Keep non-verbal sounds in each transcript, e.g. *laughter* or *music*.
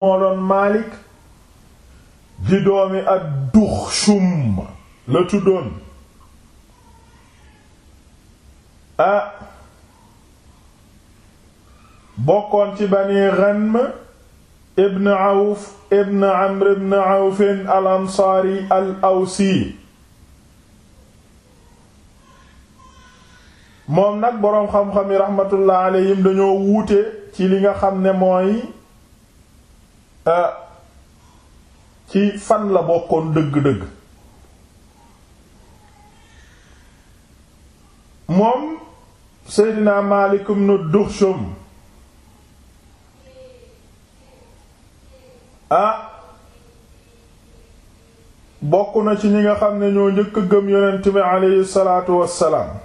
moo doon Maalik di doomi ak Duxsum la tuddoon a ah, bokkoon ci Bani Ghanm ibn Awf ibn Amr ibn al Ansaari al moom nag boroom xam-xam yi raxmatullah alayhim dañoo wuute ci li nga xam ne mooy Ah, ci fan la bokkoon dëgg-dëgg moom Seydina Maalik ibn Duxshum a ah, bokk na ci ñi nga xam ne ñoo njëkk gëm yonent bi aleyhi salaatu wassalaam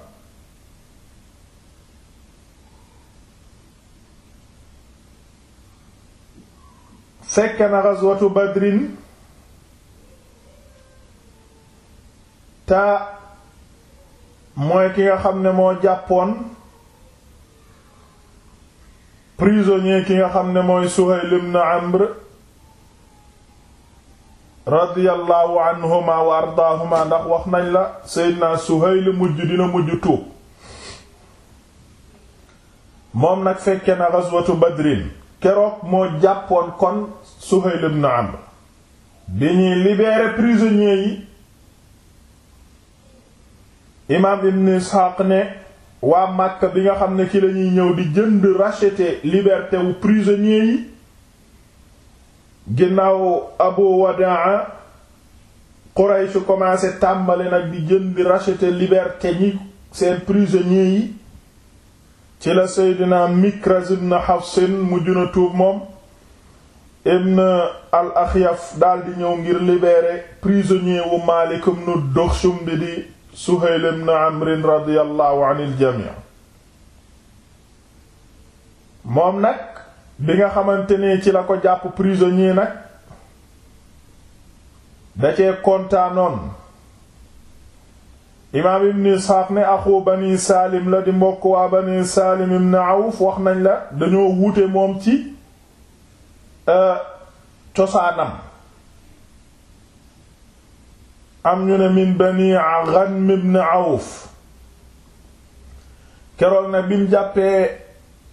fekke na ghazwatu badrin ta mooy ki nga xam ne moo jàppoon prisonnier ki nga xam ne mooy Suhayl ibn Amr radiyallahu anhuma wa ardaahuma ndax wax nañ la Seydina Suhayl mujj dina mujj tuub moom nag fekke na ghazwatu badrin keroog moo jàppoon kon Suhayl ibn Amr bi ñuy libérer prisonniers yi imaam ibn Ishaq ne waa Makka bi nga xam ne ci lañuy ñëw di jënd racheter liberté wu prisonniers yi ginnaaw Abu Wadaa Quraysh commencé tàmbali nag di jënd racheter liberté ñi seen prisonniers yi ci la Seydina Mikraz ibn Hafsin mujj na tuub moom ibn al axyaf daldi ñëw ngir libeere prisonnier wu Maalik ibn Duxsum bi di Suhayl ibn Amr radiyallahu anil jamii moom nag bi nga xamante ne ci la ko jàpp prisonnier nag da kontaanoon imaam ibn Isxaaq ne bani Saalim la di mbokk waa bani Saalim ibn wax nañ la dañoo wuute moom ci Euh, cosaanam am ñu ne min bani Ghanm ibn Awf keroog nag bi mu jàppee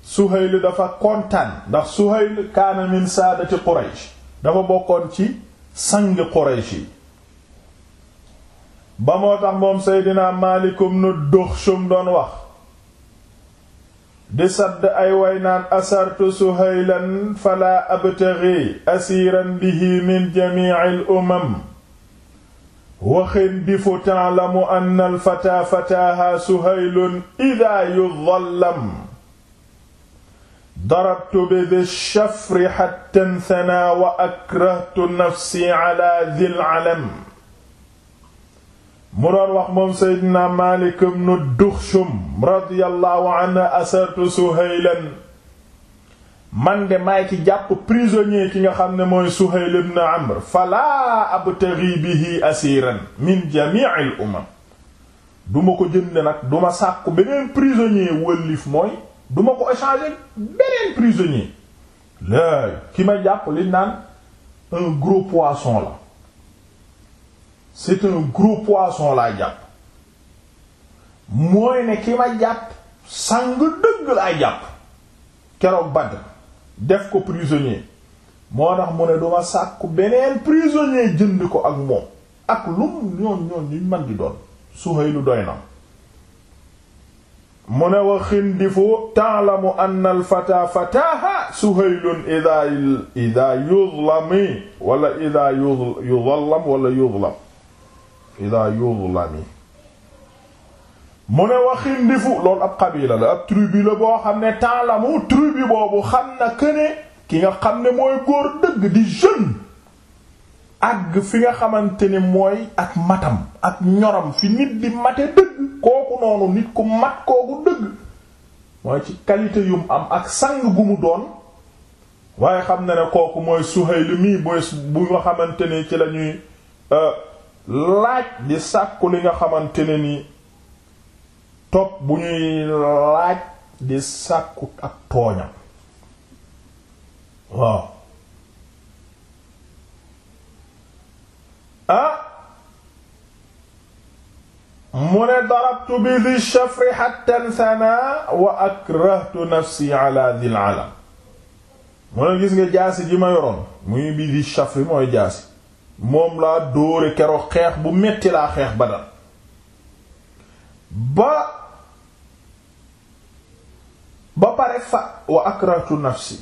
Suhayl dafa kontaan ndax Suhayl kaana min saadati Quraysh dafa bokkoon ci sang Quraysh yi ba moo tax moom Seydina Maalik ibn Duxshum doon wax di sadd ay way naan asartu suhaylan fala abtaghi asiiran bihi min jami'il umam waxin difu ta'lamu anna alfata fataha suhaylun idha yudhallam darabtu bi dhi shafri hatta thana wa akrahtu nafsi ala dhil alam mu doon wax moom seydina Maalik ibn Duxshum radiyallahu anhu asartu Suhaylan man de maay ci jàpp prisonnier ki nga xam ne mooy Suhayl ibn Amr falaa abtaghi bihi asiran min jami'il umam duma ko jënd nag du ma sàkku beneen prisonnier wëllif mooy ma ko échanger beneen prisonnier laay ki ma jàpp li naan un gros poisson la c'est un gros poisson laa jàpp mooy ne ki ma jàpp sang dëgg laa jàpp keroog Badr def ko prisonnier moo tax mu ne duma sàkku beneen prisonnier jënd ko ak moom ak lum ñoon ñoon ñu man di doon Suhaylu doy na mu ne wa xindifu ta'lamu anna al-fata fataha Suhaylun idha idha yuzlami wala idha yuzlam wala yuzlam ida yuzlami mu ne waxin ndifu loolu ab qabila la ab tribu boo xam ne taalamu tribu boobu xam na këne ki nga xam ne mooy góor dëgg di jeune àgg fi nga xamante ne mooy ak matam ak ñoram fi nit di mate dëgg kooku noonu nit ku mat kooku dëgg mooy ci qualité yum am ak sang gu mu doon waaye xam na ne kooku mooy Suhayl mii mooy bu nga xamante ne ci lañuy euh, laaj di sàkku li nga xamante ne ni topp bu ñuy laaj di sàkku ak tooñam waaw ah mu ne darabtu bi di shafri hatta sana wa akrahtu nafsi ala dhil alam mu ne gis nga jaasi ji ma yoroon muy bi di shafri mooy jaasi moom laa dóore keroog xeex bu metti laa xeex Badar ba ba pare fa wa akratu nafsi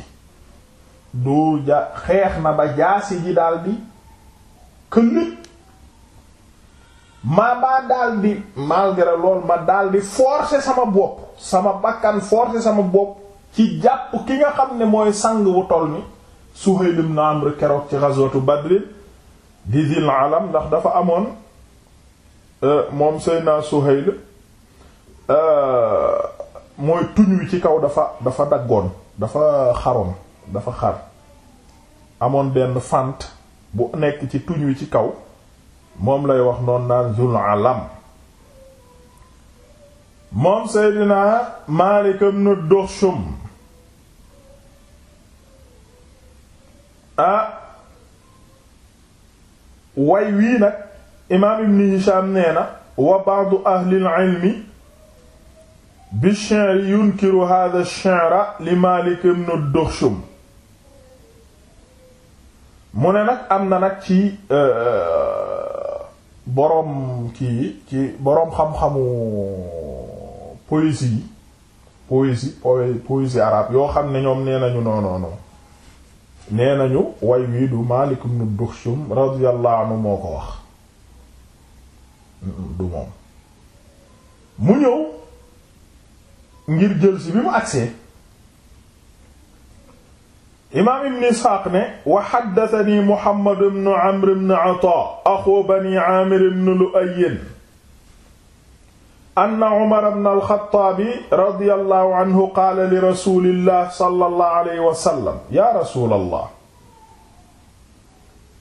du ja xeex na ba jaasi ji daldi këllit ma ba daldi malgré lool ma daldi forcer sama bopp sama bakkan forcer sama bopp ci jàpp ki nga xam ne mooy sang wu toll ni su ibn Amr keroog ci ghazwatu Badr di zil alam ndax dafa amoon euh, moom Seydina Suhayl euh, mooy tuñ wi ci kaw dafa dafa daggoon dafa xaroon dafa xar amoon benn fànt bu nekk ci tuñ wi ci kaw moom lay wax noonu naan zul alam moom Seydina Maalik ibn Duxshum ah way wii nag imaam ibn Hisham nee na wa ba'du ahlil ilmi bi shi'ri yunkiru hadha ash-shi'ra li Malik ibn Dukhshum mu ne nag am na nag ci euh, boroom kii ci boroom xam-xamu poésie yi poésie poésie arabe yoo xam ne ñoom nee nañu non nee nañu way wii du Maalik ibnu Duxsum radiyallahu anhu moo ko wax du moom mu ñëw ngir jël si bi mu agsee imaam ibn Isxaaq ne wa haddathani Muhammad ibn Amr ibn Ataa axu bani Aamir ibn Lu'ay anna Umar ibn al-Khattaab radiyallahu anhu qaala li rasuulillah sallallahu alayhi wa sallam yaa rasuulallah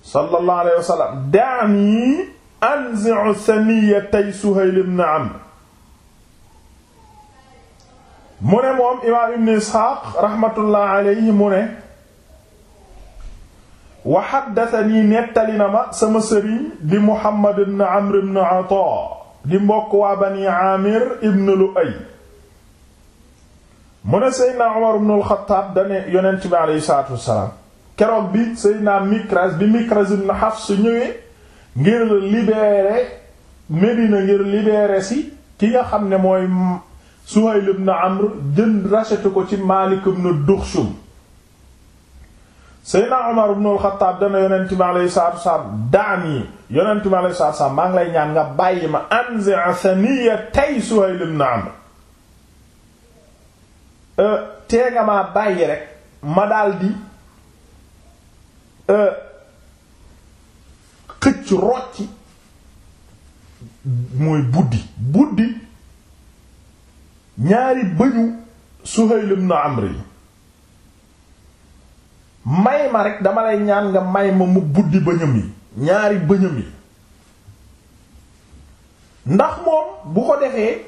sallallahu alayhi wa sallam da'nii anzi'u saniyyatay Suhayl ibn Amr mu ne moom imaam ibn Isxaaq rahmatullah alayhi mu ne wa haddathanii nettali na ma sama sëriñ di Muhammad ibn Amr ibn Ataa di mbokk waa bani amir ibn lu'ay mu ne seydna umar ibn al-Khattab dane yonent bi aleyhi salaatu wassalaam keroog bi seydna Mikraz bi Mikraz ibn Hafs ñëwee ngir libérer Médina ngir libérer si ki nga xam ne mooy Suhayl ibn Amr jënd racheté ko ci Maalik ibn Duxshum Seydina Umar ibn al dana yonent bi alayhi salaatu wa daani yonent bi alayhi salaatu wa maa ngi lay ñaan nga bàyyi ma anzi'a saniyatay Suhayl ibn Amr euh, tee nga maa bàyyi rek ma daldi euh, xëcc rocci mooy buddi buddi ñaari bëñu Suhayl ibn Amr yi may ma rek dama lay ñaan nga may ma mu buddi bëñëm yi ñaari bëñëm yi ndax moom bu ko defee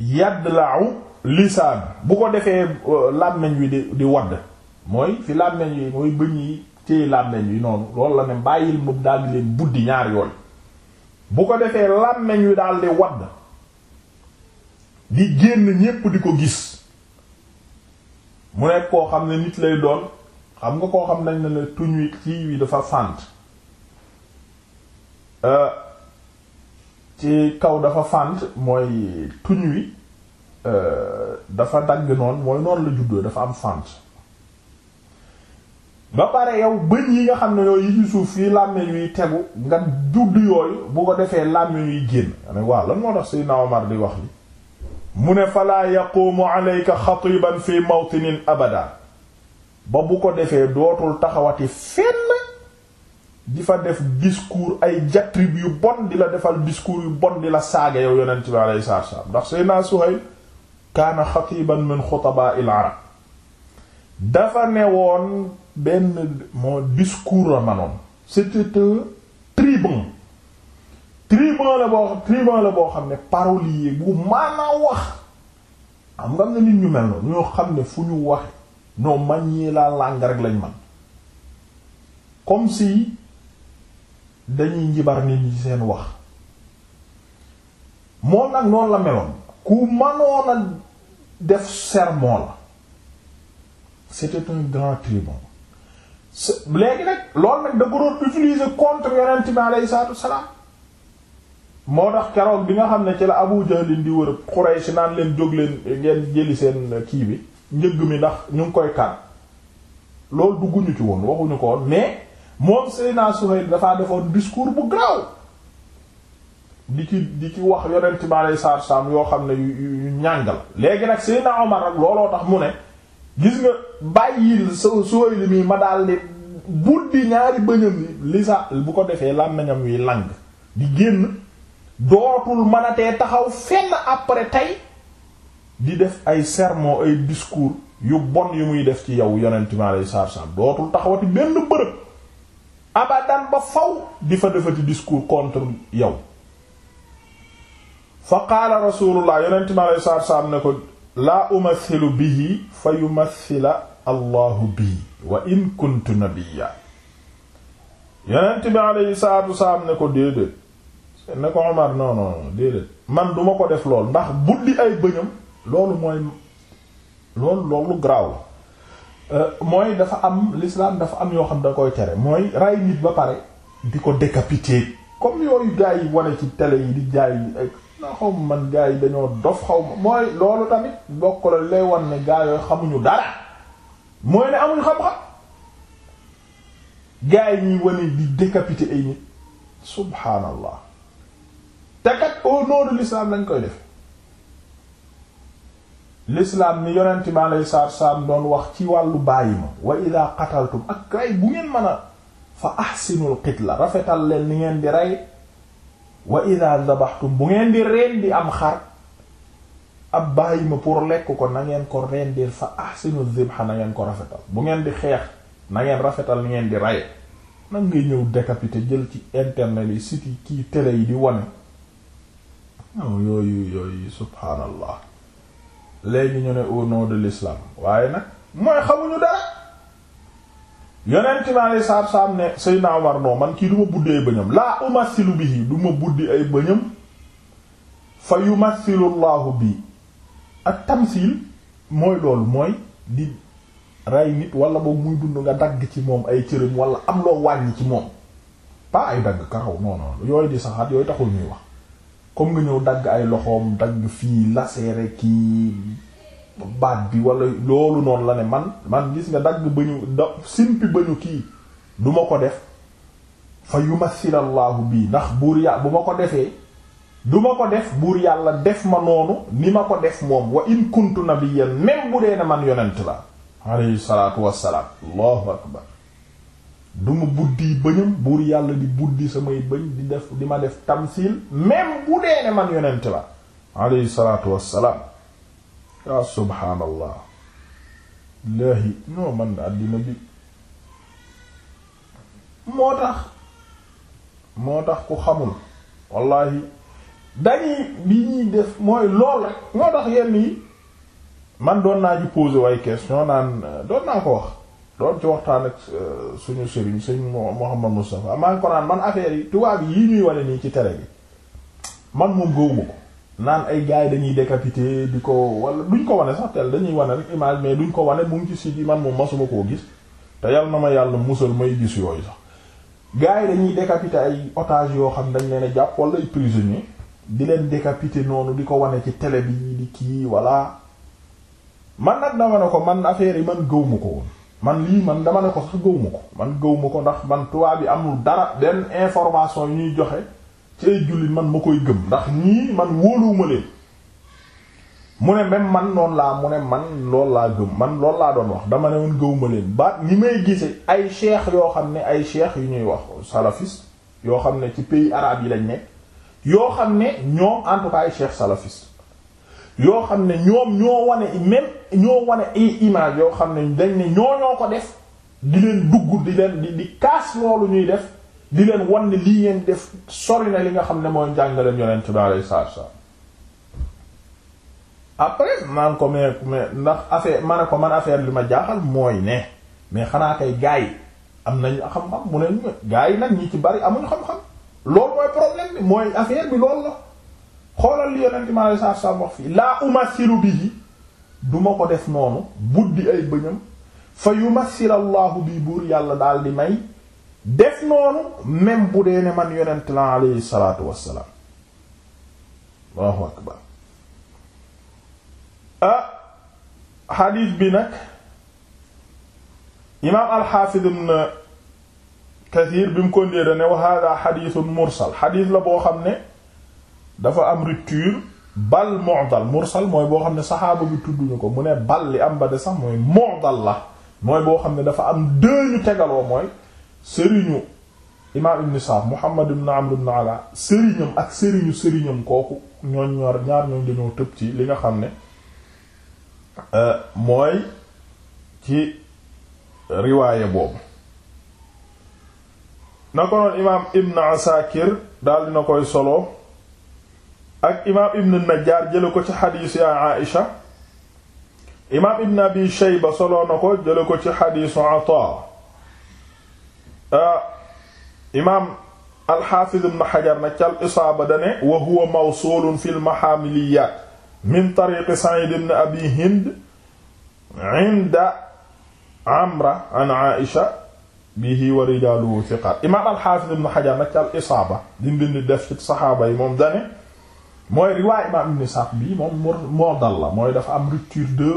yadd laaw lisaan bu ko defee euh, làmmiñ wi di di wadd mooy fi làmmiñ wi mooy bëñ yi téye làmmiñ wi noonu loolu la ne bàyyil moom daal di leen buddi ñaar yooyu bu ko defee làmmiñ wi daal di wadd di génn ñépp di ko gis mu nekk koo xam ne nit lay doon xam nga koo xam nañ ne la tuñ wi kii wi dafa fànt euh, ci kaw dafa fànt mooy tuñ wi euh, dafa dagg noonu mooy noonu la juddoo dafa am fànt ba pare yow bëñ yi nga xam ne yooyu yi ci suuf yi làmmiñ yuy tegu nga judd yooyu bu ko defee làmmiñ yuy génn ane waaw lan moo tax Seydina mar di wax li mu ne falaa yaquumu aleyka xatiban fi mawtinin abada ba bu ko defee dootul taxawati fenn di fa def discours ay jatrib yu bon di la defal discours yu bon di la saaga yow yonent bi alayhi salaatu wassalaam ndax Seydina Suhayl kaana xatiban min xutabaa'il arab dafa newoon benn moo discours la manoon c'était un tribun tribun la boo tribun la boo xam ne parolier bu maanaa wax am nga am na nit ñu mel noonu ñoo xam ne fu ñu wax noo manier la langue rek lañ man comme si dañuy njibar nit ñi seen wax moom nag noonu la meloon ku manoon a def sermon la c'était un grand tribun léegi nag loolu nag da ko doon utiliser contre yonent bi aleyhi salaam moo tax keroog bi nga xam ne ci la Abu Jahl di wër Quraysh naan leen jóg leen ngeen jëli seen kii bi njëg mi ndax ñu ngi koy kan loolu dugguñu ci woon waxuñu ko woon mais moom Seydina Suhayl dafaa defoon discours bu graw di ci di ci wax yonent mi aleyhi salaatu wa yoo xam ne yu ñàng la léegi nag Seydina Omar ak looloo tax mu ne gis nga bàyyil sa Suhayl mii ma daal di buddi ñaari bëñam yi li sa bu ko defee làmmiñam wi lang di génn dootul mënatee taxaw fenn après tey di def ay sermon ay discours yu bon yu muy def ci yow yonent mi alayhi salaatu salaam dootul taxawati benn bërëb abadan ba faw di fa defati discours contre yow fa qaala rasulullah yonent mi alayhi ne ko laa umathilu bihi fa yumathila allahu bii wa in kuntu nabiyya yonent bi alayhi ne ko déedéet ne ko Omar non non déedéet man duma ko def lool ndax buddi ay bëñam loolu mooy loolu loolu garaaw la euh, mooy dafa am l'islam dafa am yoo xam da koy tere mooy ray nit ba pare di ko décapité comme yooyu gars yi wane ci télé yi di jaay yi na xaw ma man gars yi dañoo dof xaw mooy loolu tamit bokk la lay ne gars yooyu xamuñu dara mooy ne amuñu xam-xam gars yi ñuy wane di décapité ay nit subhaanallah te kat au nom lañ koy def l'islam ni yonent bi alayhi salaatu wasalaam doon wax ci wàllu bàyyi ma wa ida qataltum ak rey bu ngeen man a fa ahsinul qitla rafetal leen ni ngeen di rey wa ida dabaxtum bu ngeen di reen di am xar ab bàyyi ma pour lekk ko na ngeen ko rendir fa ahsinul zibha na ngeen ko rafetal bu ngeen di xeex na ngeen rafetal ni ngeen di reye nag ngay ñëw yi te jël ci internet yi site yi kii télé yi di wane non yooyu yooyu subhaanallah léegi ñu ne au nom de l'islam waaye nag mooy xamuñu dara yonent naa li saab-saab ne Seydina Umar noo man kii du ma buddi ay bëñam laa umasilu bihi du ma buddi ay bëñam fa yumasilu laahu bi ak tamsil mooy loolu mooy di rey nit wala boobu muy dund nga dagg ci moom ay cëram wala am loo wàññi ci moom pas ay dagg karaw non non di saxaat yooyu taxul ñuy wax comme nga ñëw dagg ay loxoom dagg fii laseere kii baat bi wala loolu noonu la ne man man gis nga dagg ba ñu da simpi ba kii duma ko def fa yumasilallaahu bii ndax buur yà bu ma ko defee duma ko def buur yàlla def ma noonu ni ma ko def moom wa in kuntu nabiyyan même bu dee ne man yonent la alayhi salaatu wassalaam allahu akbar du ma buddi bëñam buur yàlla di buddi samay bëñ di def di ma def tamsil même bu dee ne man yonent la alayhi wassalaam ya subhaanallah laahi noo man àddina bi moo tax moo tax ku xamul wallahi dañuy bi ñuy def mooy lool rek moo tax yenn yi man doon naa ji poser way question naan doon naa ko wax doon ci waxtaan ak euh, suñu sëriñ sëñ Mouhamad Moustapha maa ngi ko naan man affaire yi tubaab yi ñuy wane nii ci télé bi man moom gëwuma ko naan ay gars yi dañuy décapité di ko wala duñ ko wane sax tel dañuy wane rek image mais duñ ko wane mu ngi ci site yi man moom masuma koo gis te yal na ma yàlla musal may gis yooyu sax gars yi dañuy décapité ay otage yoo xam dañ leen a jàpp wala ay prisonniers di leen décapité noonu di ko wane ci télé bi di kii voilà man nag dama ko man affaire yi man gëwuma ko man lii man dama ne ko sax gëwuma ko man gëwuma ko ndax man tubaab yi amul dara benn information yu ñuy joxe ci ay jullit man ma koy gëm ndax ñii man wóoluwuma leen mu ne même man noon laa mu ne man lool laa gëm man loolu laa doon wax dama ne woon gëwuma leen ba ni may gise ay cheikh yoo xam ne ay cheikh yu ñuy wax salafiste yoo xam ne ci pays arabe yi lañ nekk yoo xam ne ñoom en tout cas cheikh salafiste yoo xam ne ñoom ñoo wane même ñoo wane ay image yoo xam ne dañ ne ñoo ko def di leen dugg di leen di di kaas loolu ñuy def di leen wan ne lii ngeen def sori na li nga xam ne mooy njàngaleem yonent bi alayhi salaatu salaam man ko mais ndax affaire man ko man affaire li ma jaaxal mooy ne mais xanaa kay gaa yi am nañ xam-xam mu ne gaa yi nag ñi ci bari amuñ xam-xam loolu mooy problème bi mooy affaire bi lool la. xoolal li yonent mi alayhi salaatu ko def noonu buddi ay bëñam fa bi yàlla daal di may def noonu même bu dee ne ah, bi imaam alxaafid ibn bi mu ko ndee ne wa hada mursal xadiis la boo xam ne dafa am rupture bal mu'dal mursal mooy boo xam ne saxaaba bu tudduñu ko mu ne bal li am ba de sax mooy mu'dal la mooy boo xam ne dafa am deux ñu tegaloo mooy sëriñu imaam ibn Sa'd Muhammad ibn Amr ibn sëriñam kooku ñooñ ñor ñaar ñooñ ci li nga xam ne euh, mooy ci riwaaye boobu na ko noon imaam ibn Asakir daal dina koy solo ak imaam ibn najjaar jële ko ci xadiis ya aisha imaam ibn abi shayba soloo na ko jële ko ci xadiisu ataa ah, imaam alxaafiz ibn xajar nag ca al isaaba dane wa huwa mawsuulun fi lmaxaamiliyaat min tariqi sa'id ibn abi hind inda amra an aisha bihi wa rijaaluhu thiqaat imaam alxaafiz ibn xajar nag ca al isaaba dindindi def ci saxaaba yi moom dane mooy riwaay imam ibn Sa'd bi moom moo dal la mooy dafa am rupture de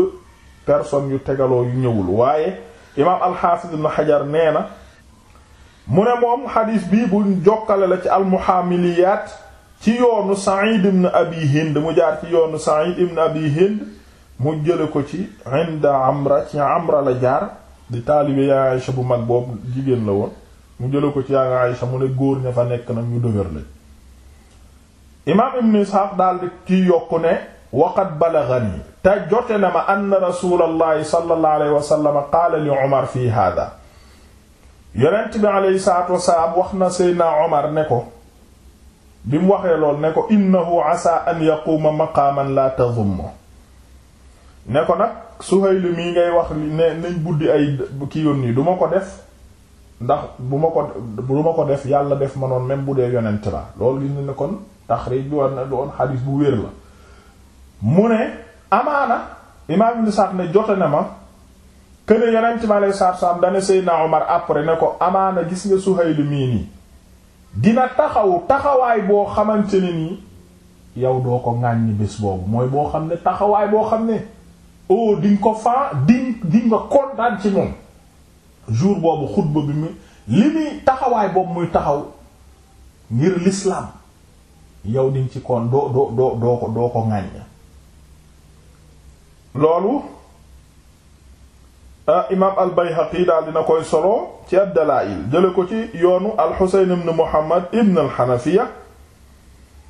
personnes yu tegaloo yu ñëwul waaye imam al-Hafiz ibn Hajar nee na mu ne moom xadis bi buñ jokkale la ci al-Muhamiliyaat ci yoonu Sa'id ibn Abi Hind mu jaar ci yoonu Sa'id ibn Abi Hind mu jële ko ci inda Amra ci Amra la jaar di taalibe yaa Aïsha bu mag boobu jigéen la woon mu jële ko ci yaa Aïsha mu ne góor ña fa nekk nag ñu dëgër lañ imaam ibn isxaaq daal di kii yokku ne waxat balaghani te jote na ma anna rasulallahi sallallahu alayhi wa sallam qaala li omar fi hada yonent bi aleyhi salaatu wasalaam wax na seydna omar ne ko bi mu waxee lool ne ko innahu asa an yaquuma maqaaman la tadummo ne ko nag Suhayl mii ngay wax ne nañ buddi ay ki yoon nii du ko def ndax bu ma ko ko def yàlla def ma noon même bu dee yonent la loolu li ne kon taxriij bi war na doon xadiis bu wér la mu ne amaana imaam ni Sa'd ne jote na ma këne yonent ma aleyhi salaatu salaam dana Seydina Omar après ne ko amaana gis nga Suhayl mii nii dina taxaw taxawaay boo xamante ne nii yow doo ko ŋàññi bés boobu mooy boo xam ne taxawaay boo xam ne oh di ko faa di di nga kontaan ci moom jour boobu xutba bi mu li muy taxawaay boobu muy taxaw ngir l'islam yow diñ ci kon doo doo doo ko doo loolu ah, imaam al Bayhaqi daal dina koy solo ci ad-Dalaa'il ko ci yoonu al Xuseyn ibn Muhammad ibn al Xanafiya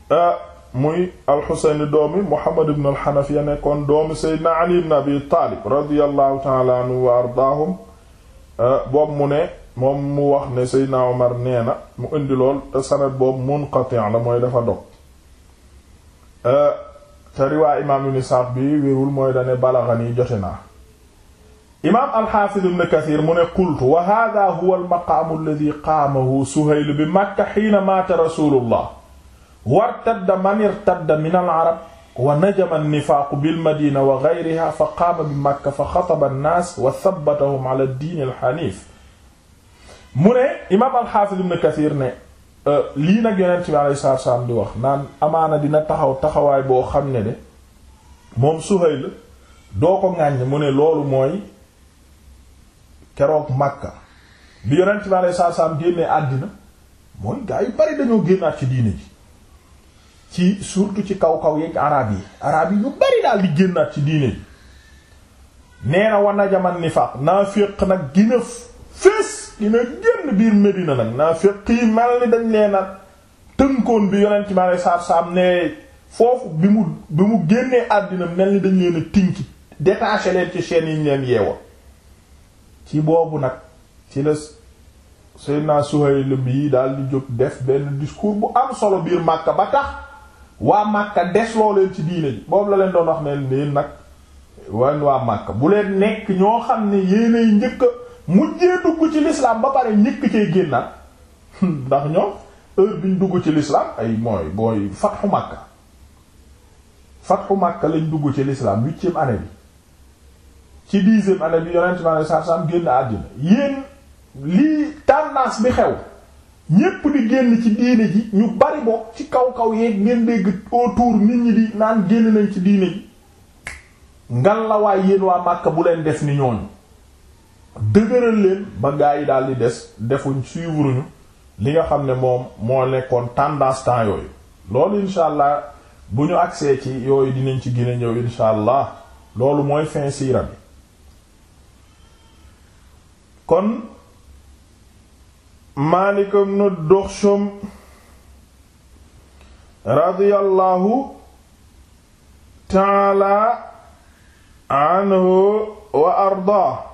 ah, muy al Xuseyn doomi Muhammad ibn al Xanafiya nekkoon doomi Seydina Ali ibn Abi Taalib radiyallahu ta'ala anhu wa ardaahum ah, boobu mu ne moom mu wax ne Seydina Omar nee na mu indi lool te sanad boobu munqati' la mooy dafa dog euh, te riwaa imaam ibn Sa'd bi wérul mooy dane balaghani jote naa imaam al-Hafiz ibn Kathir mu ne qultu wa hadha huwa al-maqaam alladhi qaamahu Suhayl bi Makka hiina maata rasulullah wartadda man irtadda min al-arab wa najama an-nifaaqu bil-madina wa ghayriha fa qaama bi Makka fa xataba an-naas wa thabbatahum ala ad-diin al-haniif mu ne imaam alxaafis ibn Kasiir ne euh, lii nag yonent bi alayhi salaatu salaam di wax naan amaana dina taxaw taxawaay boo xam ne de moom Suhayl doo ko ŋàññ mu ne loolu mooy keroog Makka bi yonent bi alayhi salaatu salaam génnee àddina mooy gaa yu bari dañoo génnaat ci diine ji ci surtout ci kaw kaw yeeg araab yi araab yi ñu bari daal di génnaat ci diine ji nee na war na jaman nifaaq naa féq nag ginaf fés dina génn biir Medina nag naa fekk yi ni dañ nee nag tënkoon bi yonent mi alei saatu salaam ne foofu bi mu bi mu génnee àddina mel ni dañ leen a tinki détaché leen ci chaîne yi ñu leen ci boobu nag ci la Seydina Suhayl bi daal di jóg def benn discours bu am solo biir Makka ba tax waa Makka des loo leen ci diine ji boobu la leen doon wax ne leen nag waa Makka bu leen nekk ñoo xam ne yéenay njëkk mujjee dugg ci l'islam ba pare ñëkk cee génnaat hmm, ndax ñoom heure biñ dugg ci l'islam ay mooy booy fatxu Makka fatxu Makka lañ dugg ci l'islam huitième année bi ci dixième année bi yonent bi alayhi salaam génn àddina yéen lii tendance bi xew ñépp di génn ci diine ji ñu bari bokk ci kaw kaw yeeg ngeen dégg autour nit ñi di naan génn nañ ci diine ji ngan la waay yéen waa Makka bu leen def ni ñooñu dëgëral leen ba gaa yi daal di des defuñ suivre ñu li nga xam ne moom moo nekkoon tendance temps yooyu loolu incha allah bu ñu agsee ci yooyu dinañ ci gën a ñëw incha allah loolu mooy fin bi kon Maalik ibn Duxshum radiyallahu taala anhu wa ardaa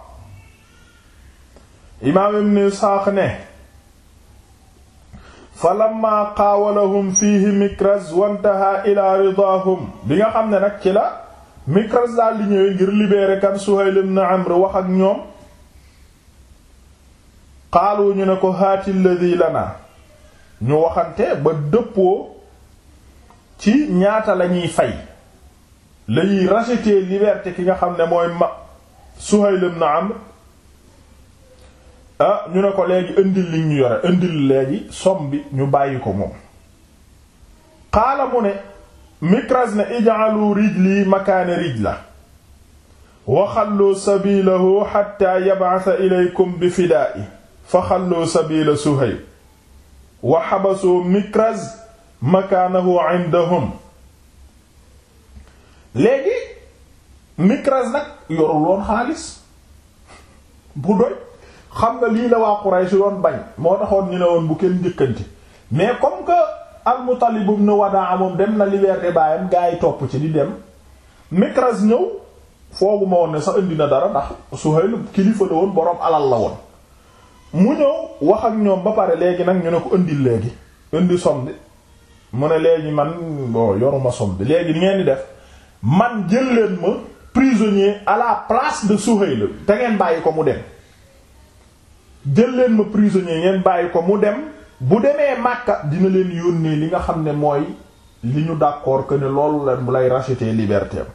imaam ibn isxaaq ne fa lamma xaawalahum fiihi mikraz wantaha ila ridaahum bi nga xam ne nag ci la mikraz daal di ñëwee ngir libérer kan suhayl ibn amr wax ak ñoom xaalu ñu ne ko haati lladi lana ñu waxante ba dëppoo ci ñaata la ñuy fay lañuy racheter liberté ki nga xam ne mooy ma suhayl ibn amr ah ñu ne ko léegi indil li ñu yore indil léegi som bi ñu bàyyi ko moom xaala mu ne mikras ne ij'alu rijli makaana rijla wa xallu sabilahu xatta yab'atha ilaykum bi fidaa'i fa xallu sabila suhayb wa xabasu mikras makaanahu indahum léegi mikras nag yorul woon xaalis bu doy xam nga lii la waa Quraysh doon bañ moo taxoon ñu ne woon bu kenn njëkkante mais comme que mu al nu ibn daa amoon dem na liberté baayam gaa yi topp ci di dem Mikraz ñëw foogu ma woon ne sax indi na dara ndax Suhayl kilifa la woon boroom alal la woon mu ñëw wax ak ñoom ba pare léegi nag ñu ne ko indi léegi indi somme bi mu ne léegi man bon yoruma somme bi léegi ni di def man jël leen ma prisonnier à la place de la te ngeen bàyyi ko mu dem jël leen ma prisonnier ngeen bàyyi ko mu dem bu demee Makka dina leen yónnee li nga xam ne mooy li ñu d'accord que ne loolu bu lay racheter liberté am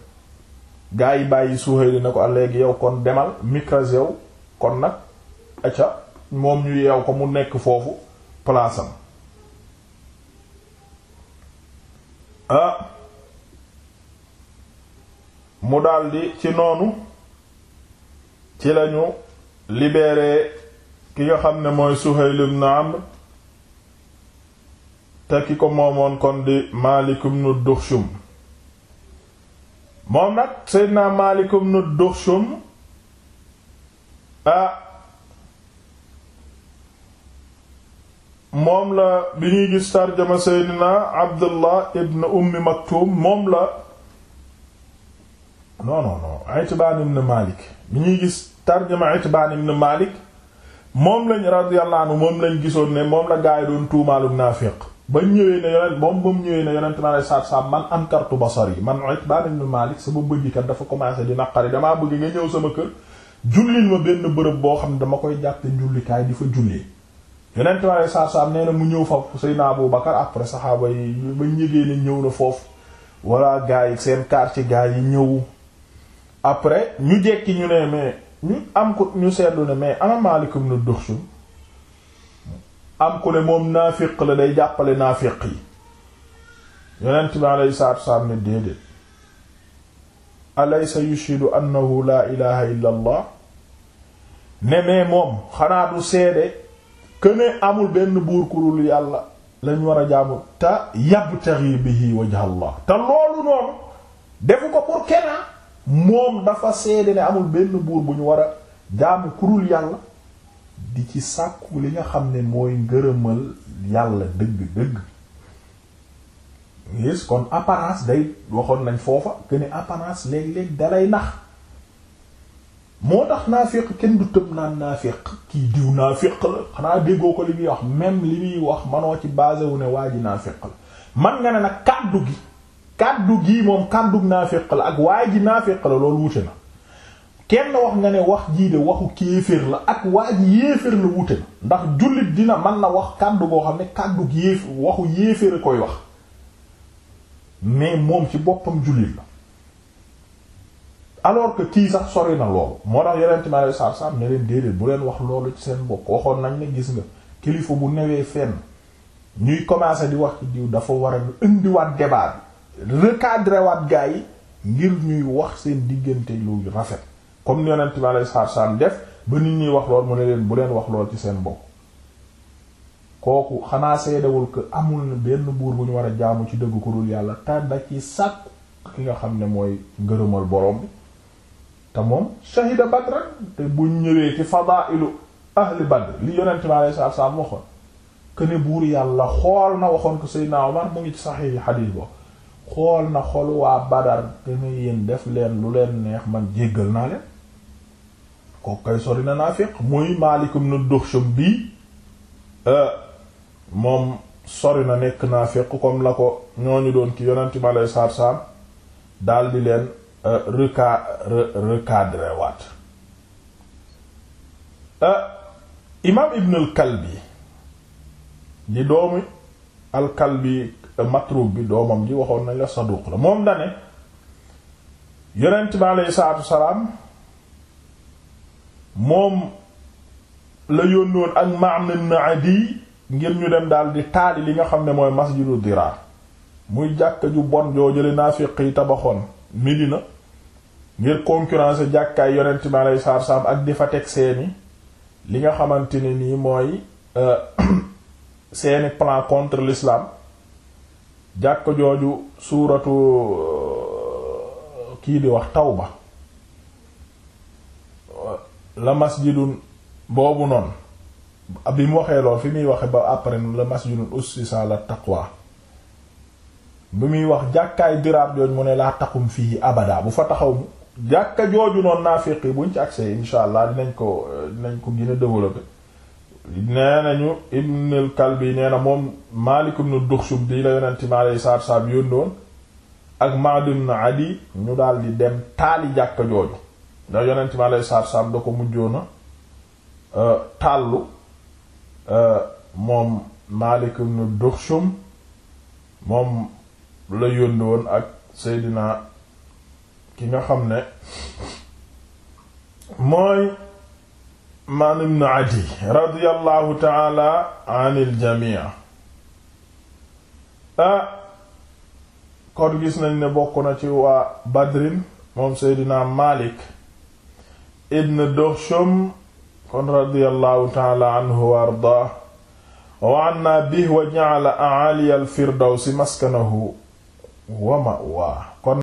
gaa yi bàyyi Suhayl na ko ah, léegi yow kon demal Mikraz yow kon nag acca moom ñu yeew ko mu nekk foofu place am ah, mu daldi ci noonu ci lañu libéré ki nga xam ne mooy Suhayl ibn Amr te ki ko moomoon kon di Maalik ibn Duxshum ah, moom la bi ñuy gis tarjama Seydina Abdullah ibn Ummi Maktum moom la non non non Itbaan ibn bi ñuy gis tarjama Itbaan ibn Maalik moom lañ radiyallahu anhu moom lañ gisoon ne moom la gaa yi doon tuumaalum naafiq ba ñëwee ne yonent moom ba mu ñëwee ne yonent ma lay saab saab man am kartu basar yi man Itbaan ibn Maalik sama bëgg kat dafa commencé di damaa bëgg nga ñëw sama kër jullil ma benn bërëb boo xam ne dama koy jàppe jullikaay di fa jullee yonent ma lay saab saab nee na mu ñëw fa Seydina Abu Bakar après saxaaba yi ba ñëgee ne ñëw na foofu walla gaa yi seen quartier gaa yi ñëw ñu jekki ñu ne mais ñu am ko ñu seetlu ne mais ana Maalik ibn am ku ne moom naafiq la day jàppale naafiq yi yonent bi alayhi salaatu wasalaam ne déedéet alaysa yushidu annahu laa ilaha illa ne mais moom xanaa du seede këne amul benn buur kurul yàlla lañ war a jaamu te yabtaghi bihi wajha allah te loolu noonu defu ko pour kenn moom dafa seede ne amul benn buur bu ñu war a jaamu kurul yàlla di ci sàkku li nga xam ne mooy ngërëmal yàlla dëgg-dëgg gis kon apparence day waxoon nañ foofa que ne apparence léeg-léeg dalay nax moo tax naafiq kenn du tëb naan naafiq kii diw naafiq la xanaa déggoo ko li muy wax même li muy wax manoo ci basé wu ne waa ji naafiq la man nga ne nag kàddu gi kàddu gii moom kàddu naafiq la ak waa ji naafiq la loolu wute na kenn wax nga ne wax jii de waxu kéeféer la ak waa ji yéeféer la wute na ndax jullit dina mën na wax kàddu goo xam ne kàddu yéef waxu yéeféer koy wax mais moom ci boppam jullit la alors que kii sax sori na loolu moo tax yonente ma alei satu salaam déedéet bu leen wax loolu ci seen bokk waxoon nañ ne gis nga kilifa bu newee fenn ñuy commencer di wax ci diw dafa war a indiwaat recadrer waat gaa yi ngir ñuy wax seen diggante lu rafet comme ni yonent bi alayhi salaatu salaam def ba nit ñuy wax lool mu ne leen bu leen wax lool ci seen bopp kooku xanaa seedewul que amul na benn buur bu ñu war a jaamu ci dëgg ko dul yàlla te da ci sàkku ki nga xam ne mooy ngërëmal borom bi te moom shahida Badr te bu ñëwee ci fadailu ahli Badr li yonent bi alayhi salaatu salaam waxoon que ne buur yàlla xool na waxoon ko Seydina Omar mu ngi ci saxiix xadiis xool na xol waa Badar dana yéen def leen lu leen neex man jéggal naa leen kooku kay sori na naafiq muy maalikum na duxshum euh, moom sori na nekk naafiq comme la ko ñoo ñooñu doon ki yonenti ma lay saar saam dal di leen euh, reca recadré waat euh, imaam ibn al di doomi al kalbi te Matruk bi doomam ji waxoon nañ la saduq la moom dane yonent bi aleyhi salaam moom la yónnoon ak Ma'n ibn Adi ngir ñu dem daal di taali li nga xam ne mooy masjidu Diraar muy jàkk ju bon joojale naafiq yi tabaxoon Medina ngir concurrence jàkkaay yonent bi aleyhi salaatu salaam ak di fa teg seeni li nga xamante ne nii mooy euh, *coughs* seeni plan contre lislaam jàkko jooju suuratu kii di wax taw ba la masjidun boobu noonu bi mu waxee lool fi muy waxe ba après la masjidun ussisa la taqwa bi muy wax jàkkaay diraab jooju mu ne laa taxum fii abada bu fa taxaw jàkka jooju noonu naa naafiq yi buñ ci accès insha allah dinañ ko dinañ ko gën a nee nañu Ibn al-Kalbi nee na moom Maalik ibn Duxsum di la yonente mi alayhi salaatu salaam yónnoon ak Ma'd ibn Adi ñu daldi dem taali jàkka jooju ndax yonente mi alayhi salaatu salaam da ko mujjoona euh, tàllu euh, moom Maalik ibn Duxsum moom la yónnoon ak Seydina ki nga xam ne mooy Nu'maan ibn Adi radiyallahu ta'ala anil jamii ah, kon gis nañ ne bokk na ci waa Badrin moom Seydina Maalik ibn Duxshum kon radiyallahu ta'ala anhu wa ardaah wa anna bihi wa ja'ala a'aali al-firdawsi maskanahu wa ma'waahu